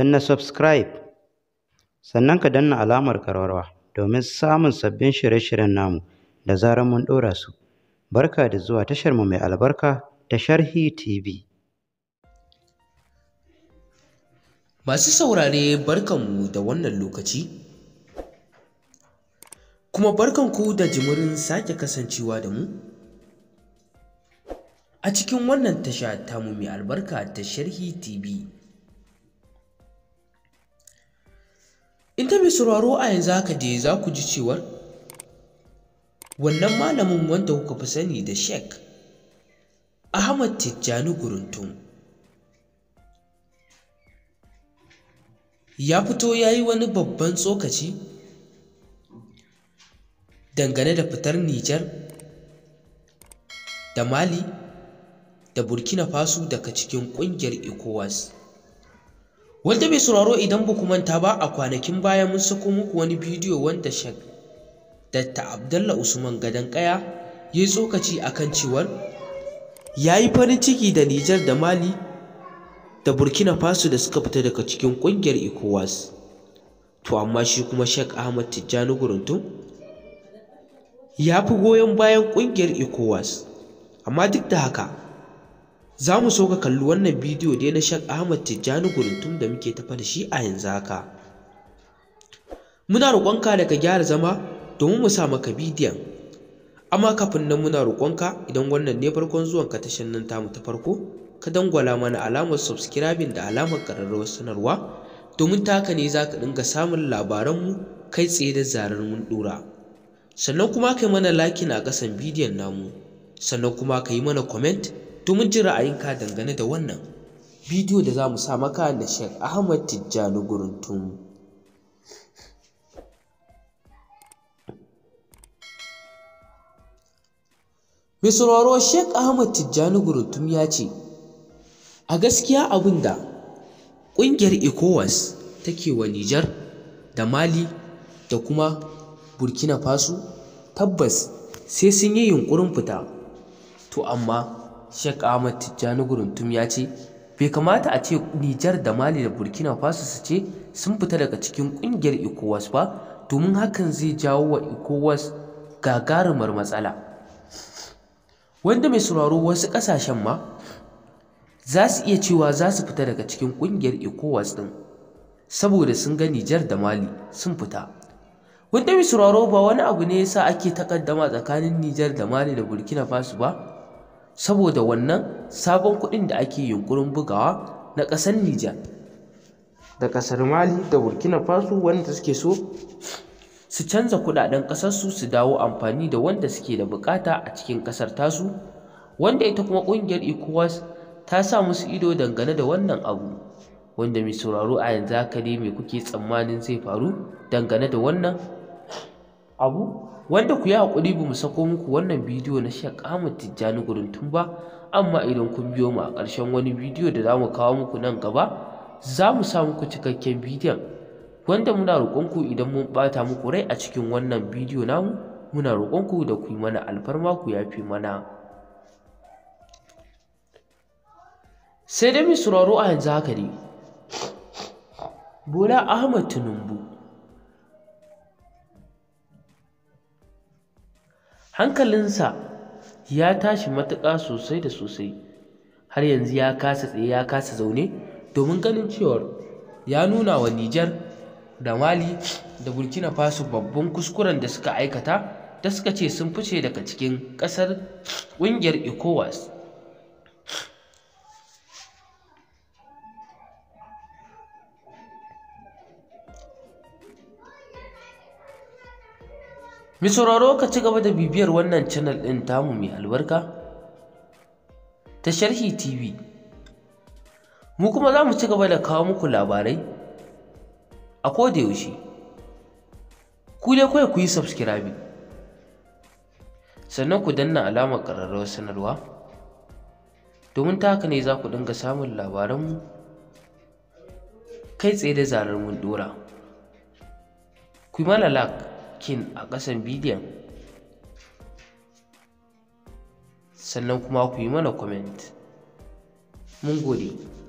na subscribe sannan ka danna alamar karwarwa domin samun sabbin shirye-shiryen namu da zarar mun ɗora su barka da zuwa tashar mu mai albarka ta sharhi tv masu saurare barkanmu da wannan lokaci kuma barkanku da jimirin sake kasancewa da mu a cikin wannan tasha mu mai albarka ta sharhi tv inda mai sauraro a yanzu haka dai za ku ji cewar wannan malamin wanda kuka fi sani da Sheikh ahmad tijjani guruntun ya fito ya yi wani babban tsokaci dangane da fitar nijar da mali da burkina faso daga cikin ƙungiyar ecowas Wanda bai sauraro idan ba ku manta ba a kwanakin baya mun sako muku wani bidiyo wanda shek Datta Abdallah Usman Gadan ƙaya ya yi tsokaci kan cewar ya yi farin ciki da Nijar da Mali da Burkina Faso da suka fita daga cikin ƙungiyar ECOWAS. To amma shi kuma Shek Ahmad Tijjani Guruntun ya fi goyon bayan ƙungiyar ECOWAS. Amma duk da haka za mu so ka kalli wannan bidiyo da na shak ahmad tijjani guruntum da muke tafa da shi a yanzu haka muna roƙonka da ka gyara zama domin mu sa maka bidiyon amma kafin nan muna roƙonka idan wannan ne farkon zuwan ka tashan nan tamu ta farko ka dangwala mana alamar subscribing da alamar ƙararrawar sanarwa domin taka ne za ka dinga samun labaranmu kai tsaye da zarar mun ɗora sannan kuma ka yi mana lakin a ƙasan bidiyon namu sannan kuma ka yi mana comment to mun ji ra'ayinka dangane da wannan bidiyo da za mu sa maka da Sheikh Ahmad Tijjani Guruntum Mai sauraro Sheikh Ahmad Tijjani Guruntum ya ce a gaskiya abin da ƙungiyar ECOWAS take wa Nijar da Mali da kuma Burkina Faso tabbas sai sun yi yunƙurin fita to amma Sheikh Ahmad Tijjani Guruntum ya ce bai kamata a ce Nijar da Mali da Burkina Faso su ce sun fita daga cikin kungiyar ECOWAS ba domin hakan zai jawo wa ECOWAS gagarumar matsala wanda mai sauraro wasu ƙasashen ma za su iya cewa za su fita daga cikin ƙungiyar ECOWAS ɗin, saboda sun ga Nijar da Mali sun fita wanda mai sauraro ba wani abu ne yasa ake takaddama tsakanin Nijar da Mali da Burkina Faso ba saboda wannan sabon kuɗin da ake yunƙurin bugawa na ƙasar Nijar da ƙasar Mali da Burkina Faso wanda suke so su canza kuɗaɗen ƙasarsu su dawo amfani da wanda suke da buƙata a cikin ƙasar tasu wanda ita kuma ƙungiyar ECOWAS ta sa musu ido dangane da wannan abu wanda mai sauraro a yanzu haka ne mai kuke tsammanin zai faru dangane da wannan abu wanda ku yi haƙuri ba mu sako muku wannan bidiyo na Sheikh Ahmad Tijjani tun ba amma idan kun biyo mu a ƙarshen wani bidiyo da za mu kawo muku nan gaba za mu sa muku cikakken bidiyon wanda muna roƙonku idan mun ɓata muku rai a cikin wannan bidiyo namu muna roƙonku da ku yi mana alfarma ku yafe mana sai dai mai sauraro a yanzu haka ne Bola Ahmad Tinubu hankalinsa ya tashi matuƙa sosai da sosai har yanzu ya kasa tsaye ya kasa zaune domin ganin cewar ya nuna wa Nijar da Mali da Burkina Faso babban kuskuren da suka aikata da suka ce sun fice daga cikin ƙasar ƙungiyar ECOWAS mi sauraro ka ci gaba da bibiyar wannan cannel ɗin tamu mai albarka ta sharhi tv mu kuma za mu ci gaba da kawo muku labarai a yaushe ku dai kawai ku yi subscribe sannan ku danna alamar ƙararrawar sanarwa domin ta haka ne za ku dinga samun labaranmu kai tsaye da zarar mun ɗora. ku yi mana like kin a ƙasan bidiyon sannan kuma ku yi mana comment mun gode